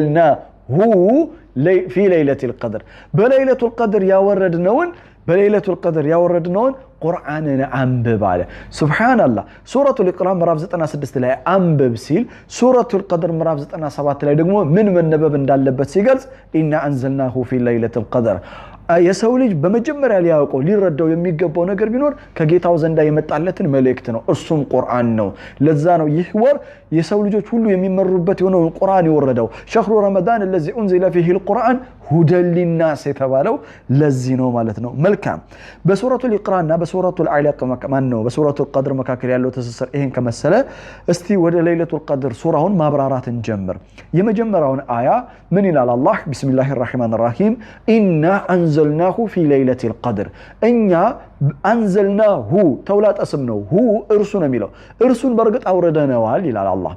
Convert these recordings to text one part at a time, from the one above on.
ኢና ሁ ፊ ለይለቲል ቀድር በለይለቱል ቀድር ያወረድነውን በሌለቱል ቀድር ያወረድነውን ቁርአንን አንብብ አለ። ሱብሓነላህ ሱረቱል ኢቅራ ምዕራፍ 96 ላይ አንብብ ሲል ሱረቱል ቀድር ምዕራፍ 97 ላይ ደግሞ ምን መነበብ እንዳለበት ሲገልጽ ኢና አንዘልናሁ ፊ ለይለቲል ቀድር የሰው ልጅ በመጀመሪያ ሊያውቀው ሊረዳው የሚገባው ነገር ቢኖር ከጌታው ዘንዳ የመጣለትን መልእክት ነው። እሱም ቁርአን ነው። ለዛ ነው ይህ ወር የሰው ልጆች ሁሉ የሚመሩበት የሆነውን ቁርአን የወረደው ሸህሩ ረመዳን ለዚ ኡንዚለ ፊህ ልቁርአን ሁደሊናስ የተባለው ለዚህ ነው ማለት ነው። መልካም በሱረቱ ልቅራ በሱረቱ ልአዕላቅ ማን ነው በሱረቱ ልቀድር መካከል ያለው ትስስር ይህን ከመሰለ እስቲ ወደ ለይለቱ ልቀድር ሱራውን ማብራራት እንጀምር። የመጀመሪያውን አያ ምን ይላል አላህ? ቢስሚላህ ራሕማን ራሒም ኢና አንዘልናሁ ፊ ለይለቲል ቀድር እኛ አንዘልናሁ ተውላጠ ስም ነው። ሁ እርሱ ነው የሚለው እርሱን በእርግጥ አውረደነዋል ይላል አላህ።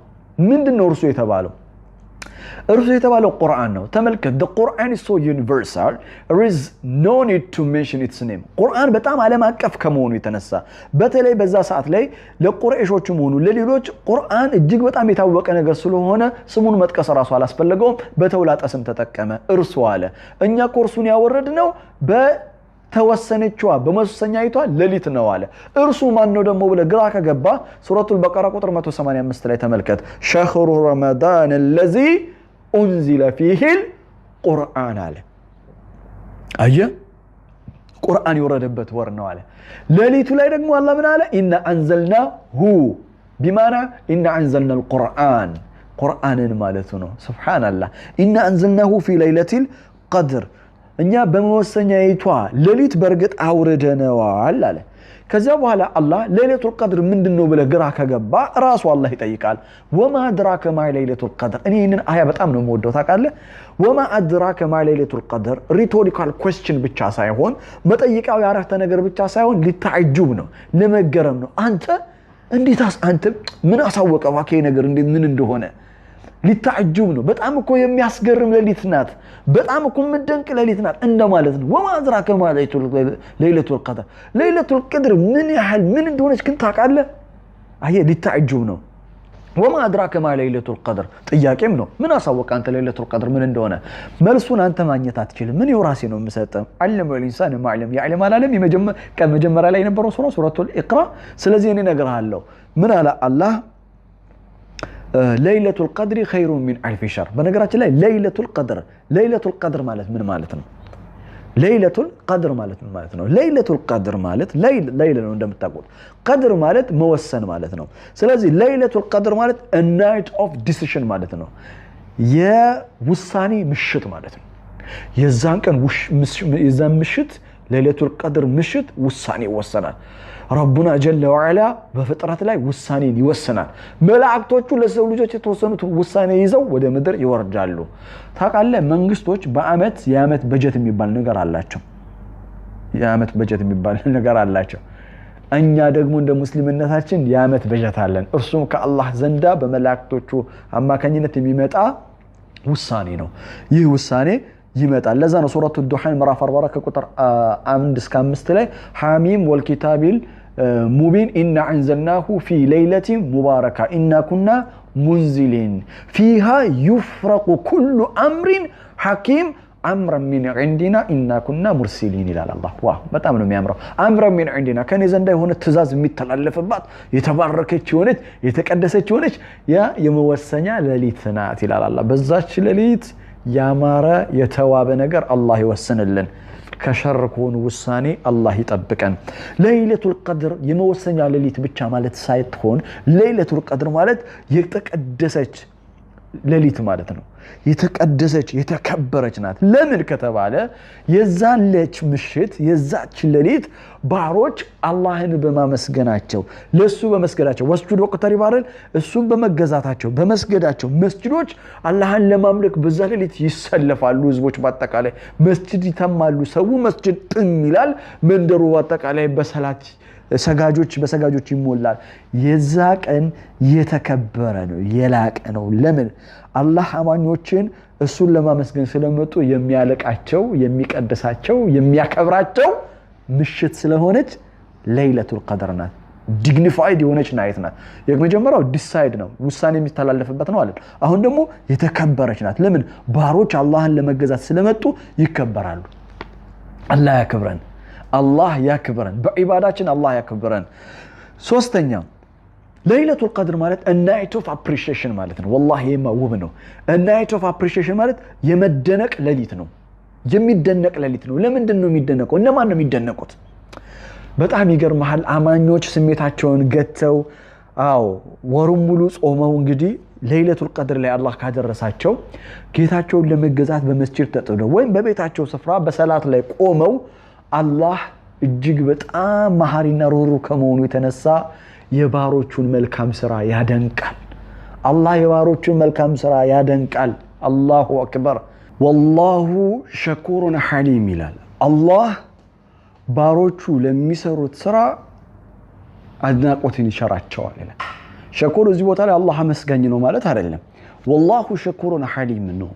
ምንድን ነው እርሱ የተባለው? እርሱ የተባለው ቁርአን ነው። ተመልከት ቁርአን ሶ ዩኒቨርሳል ሪዝ ኖ ኒድ ቱ ሜንሽን ኢትስ ኔም። ቁርአን በጣም ዓለም አቀፍ ከመሆኑ የተነሳ በተለይ በዛ ሰዓት ላይ ለቁረይሾችም ሆኑ ለሌሎች ቁርአን እጅግ በጣም የታወቀ ነገር ስለሆነ ስሙን መጥቀስ ራሱ አላስፈለገውም። በተውላጠ ስም ተጠቀመ። እርሱ አለ እኛ ኮርሱን ያወረድ ነው በ ተወሰነችዋ ይቷ ሌሊት ነው አለ። እርሱ ማን ነው ደግሞ ብለ ግራ ከገባ ሱረቱል በቀራ ቁጥር 185 ላይ ተመልከት ሸህሩ ረመዳን ለዚህ ኡንዚለ ፊሂል ቁርአን አለ። አየ ቁርአን የወረደበት ወር ነው አለ። ሌሊቱ ላይ ደግሞ አላ ምን አለ? ኢና አንዘልና ሁ ቢማና ኢና አንዘልና ልቁርአን ቁርአንን ማለቱ ነው። ስብሓናላህ ኢና አንዘልናሁ ፊ ለይለቲል ቀድር እኛ በመወሰኛይቷ ሌሊት በእርግጥ አውርደነዋል አለ ከዚያ በኋላ አላህ ሌይለቱል ቀድር ምንድን ነው ብለህ ግራ ከገባ ራሱ አላህ ይጠይቃል። ወማ አድራከ ማ ሌይለቱል ቀድር። እኔ ይህንን አያ በጣም ነው የምወደው ታውቃለህ። ወማ አድራከ ማ ሌይለቱል ቀድር ሪቶሪካል ኮስችን ብቻ ሳይሆን መጠይቃዊ አረፍተ ነገር ብቻ ሳይሆን ሊታዕጁብ ነው፣ ለመገረም ነው። አንተ እንዴት አንተ ምን አሳወቀ ባከ ነገር ምን እንደሆነ ሊታዕጅብ ነው። በጣም እኮ የሚያስገርም ሌሊት ናት። በጣም እኮ የምደንቅ ሌሊት ናት እንደማለት ነው። ወማ አድራከ ማ ለይለቱል ቀድር፣ ለይለቱል ቀድር ምን ያህል ምን እንደሆነች ግን ታውቃለህ? አየህ፣ ሊታዕጅብ ነው። ወማ አድራከ ማ ለይለቱል ቀድር ጥያቄም ነው። ምን አሳወቀ አንተ ለይለቱል ቀድር ምን እንደሆነ? መልሱን አንተ ማግኘት አትችልም። እኔው ራሴ ነው የምሰጠው። አለመል ኢንሳን ማዕለም ያዕለም አላለም። መጀመሪያ ላይ የነበረው ሱራ ሱረቱል ኢቅራ። ስለዚህ እኔ እነግርሃለሁ። ምን አለ አላህ ለይለቱል ቀድሪ ኸይሩ ሚን አልፊ ሸር። በነገራችን ላይ ለይለቱል ቀድር ለይለቱል ቀድር ማለት ምን ማለት ነው? ለይለቱል ቀድር ማለት ምን ማለት ነው? ለይለቱል ቀድር ማለት ለይለ ነው እንደምታውቁት። ቀድር ማለት መወሰን ማለት ነው። ስለዚህ ለይለቱል ቀድር ማለት ናይት ኦፍ ዲሲሽን ማለት ነው። የውሳኔ ምሽት ማለት ነው። የዛን ቀን የዛን ምሽት ለሌቱል ቀድር ምሽት ውሳኔ ይወሰናል። ረቡና ጀለ ዋዓላ በፍጥረት ላይ ውሳኔን ይወስናል። መላእክቶቹ ለሰው ልጆች የተወሰኑት ውሳኔ ይዘው ወደ ምድር ይወርዳሉ። ታውቃለህ፣ መንግስቶች በአመት የአመት በጀት የሚባል ነገር አላቸው። የአመት በጀት የሚባል ነገር አላቸው። እኛ ደግሞ እንደ ሙስሊምነታችን የአመት በጀት አለን። እርሱም ከአላህ ዘንዳ በመላእክቶቹ አማካኝነት የሚመጣ ውሳኔ ነው። ይህ ውሳኔ ይመጣል። ለዛ ነው ሱረቱ ዱሐን ምዕራፍ 44 ከቁጥር 1 እስከ 5 ላይ ሐሚም ወልኪታቢል ሙቢን ኢና አንዘልናሁ ፊ ለይለቲን ሙባረካ ኢና ኩና ሙንዚሊን ፊሃ ዩፍረቁ ኩሉ አምሪን ሐኪም አምረ ሚን ዕንዲና ኢና ኩና ሙርሲሊን ይላል አላህ። ዋ በጣም ነው የሚያምረው። አምረ ሚን ዕንዲና ከኔ ዘንዳ የሆነ ትእዛዝ የሚተላለፍባት የተባረከች የሆነች የተቀደሰች የሆነች ያ የመወሰኛ ሌሊት ናት ይላል አላህ። በዛች ሌሊት ያማረ የተዋበ ነገር አላህ ይወስንልን። ከሸር ከሆኑ ውሳኔ አላህ ይጠብቀን። ለይለቱል ቀድር የመወሰኛ ሌሊት ብቻ ማለት ሳይትሆን ለይለቱል ቀድር ማለት የተቀደሰች ሌሊት ማለት ነው። የተቀደሰች የተከበረች ናት። ለምን ከተባለ የዛለች ምሽት የዛች ሌሊት ባሮች አላህን በማመስገናቸው ለእሱ በመስገዳቸው ወስጁድ ወቅተር ይባላል። እሱን በመገዛታቸው በመስገዳቸው መስጅዶች አላህን ለማምለክ በዛ ሌሊት ይሰለፋሉ። ህዝቦች በአጠቃላይ መስጅድ ይተማሉ። ሰው መስጅድ ጥም ይላል። መንደሩ በአጠቃላይ በሰላት ሰጋጆች በሰጋጆች ይሞላል። የዛ ቀን የተከበረ ነው፣ የላቀ ነው። ለምን? አላህ አማኞችን እሱን ለማመስገን ስለመጡ የሚያለቃቸው፣ የሚቀድሳቸው፣ የሚያከብራቸው ምሽት ስለሆነች ለይለቱል ቀድር ናት። ዲግኒፋይድ የሆነች ናይት ናት። የመጀመሪያው ዲሳይድ ነው ውሳኔ የሚተላለፍበት ነው አለን። አሁን ደግሞ የተከበረች ናት። ለምን? ባሮች አላህን ለመገዛት ስለመጡ ይከበራሉ። አላህ ያክብረን። አላህ ያክብረን። በዒባዳችን አላህ ያክብረን። ሶስተኛ ለይለቱል ቀድር ማለት ናይት ኦፍ አፕሪሺዬሽን ማለት ነው። ወላሂ ይሄማ ውብ ነው። ናይት ኦፍ አፕሪሺዬሽን ማለት የመደነቅ ሌሊት ነው። የሚደነቅ ሌሊት ነው። ለምንድን ነው የሚደነቀው? እነማን ነው የሚደነቁት? በጣም ይገርመሃል። አማኞች ስሜታቸውን ገተው አዎ ወሩም ሙሉ ጾመው እንግዲህ ለይለቱል ቀድር ላይ አላህ ካደረሳቸው ጌታቸውን ለመገዛት በመስጂድ ተጥደው ወይም በቤታቸው ስፍራ በሰላት ላይ ቆመው አላህ እጅግ በጣም መሐሪና ሩሩ ከመሆኑ የተነሳ የባሮቹን መልካም ስራ ያደንቃል። አላህ የባሮቹን መልካም ስራ ያደንቃል። አላሁ አክበር። ወላሁ ሸኩሩን ሐሊም ይላል። አላህ ባሮቹ ለሚሰሩት ስራ አድናቆትን ይቸራቸዋል ይላል። ሸኩር እዚህ ቦታ ላይ አላህ አመስጋኝ ነው ማለት አይደለም። ወላሁ ሸኩሩን ሐሊም ነው።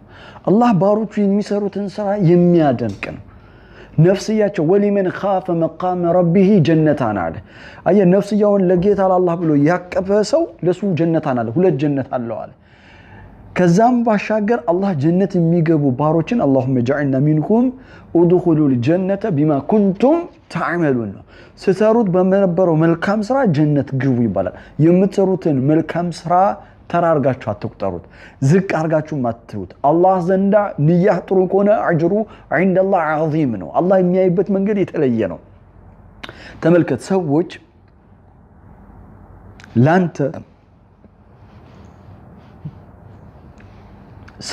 አላህ ባሮቹ የሚሰሩትን ስራ የሚያደንቅ ነው። ነፍስያቸው ወሊመን ካፈ መቃመ ረቢሂ ጀነታን አለ። አየ ነፍስያውን ለጌታ ለአላህ ብሎ ያቀፈ ሰው ለሱ ጀነታን አለ። ሁለት ጀነት አለው አለ። ከዛም ባሻገር አላህ ጀነት የሚገቡ ባሮችን አላሁመ ጃዕልና ሚንኩም ኡድኹሉል ጀነተ ቢማ ኩንቱም ተዕመሉን ነው። ስሰሩት በነበረው መልካም ስራ ጀነት ግቡ ይባላል። የምትሰሩትን መልካም ስራ ተራ አርጋችሁ አትቁጠሩት፣ ዝቅ አርጋችሁ አትሩት። አላህ ዘንዳ ንያህ ጥሩ ከሆነ አጅሩ ዒንደላህ ዓዚም ነው። አላህ የሚያይበት መንገድ የተለየ ነው። ተመልከት፣ ሰዎች ላንተ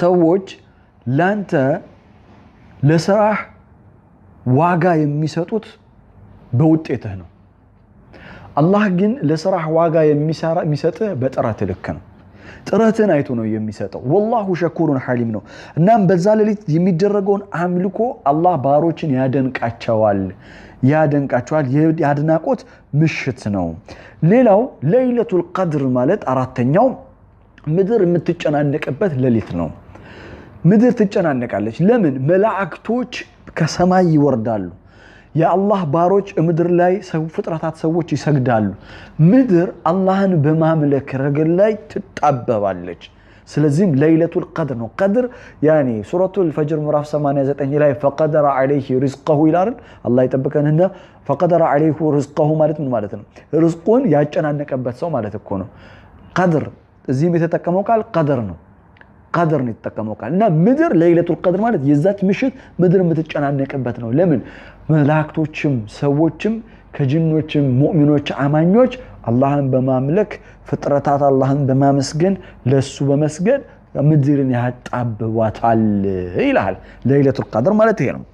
ሰዎች ላንተ ለስራህ ዋጋ የሚሰጡት በውጤትህ ነው። አላህ ግን ለስራህ ዋጋ የሚሰጥህ በጥረት ልክ ነው። ጥረትን አይቶ ነው የሚሰጠው። ወላሁ ሸኩሩን ሐሊም ነው። እናም በዛ ሌሊት የሚደረገውን አምልኮ አላህ ባሮችን ያደንቃቸዋል ያደንቃቸዋል የአድናቆት ምሽት ነው። ሌላው ለይለቱል ቀድር ማለት አራተኛው ምድር የምትጨናነቅበት ሌሊት ነው። ምድር ትጨናነቃለች። ለምን? መላእክቶች ከሰማይ ይወርዳሉ። የአላህ ባሮች ምድር ላይ ፍጥረታት ሰዎች ይሰግዳሉ። ምድር አላህን በማምለክ ረገድ ላይ ትጣበባለች። ስለዚህም ለይለቱል ቀድር ነው። ቀድር ያኔ ሱረቱል ፈጅር ምዕራፍ 89 ላይ ፈቀደረ ዓለይህ ሪዝቀሁ ይላል። አላህ ይጠብቀንና ፈቀደረ ዓለይህ ሪዝቀሁ ማለት ምን ማለት ነው? ርዝቁን ያጨናነቀበት ሰው ማለት እኮ ነው። ቀድር እዚህም የተጠቀመው ቃል ቀድር ነው። ቀድርን ይጠቀመው ቃል እና ምድር ለይለቱል ቀድር ማለት የዛች ምሽት ምድር የምትጨናነቅበት ነው። ለምን መላእክቶችም ሰዎችም ከጅኖችም ሙእሚኖች አማኞች አላህን በማምለክ ፍጥረታት አላህን በማመስገን ለሱ በመስገድ ምድርን ያጣብቧታል ይልሃል። ለይለቱል ቀድር ማለት ይሄ ነው።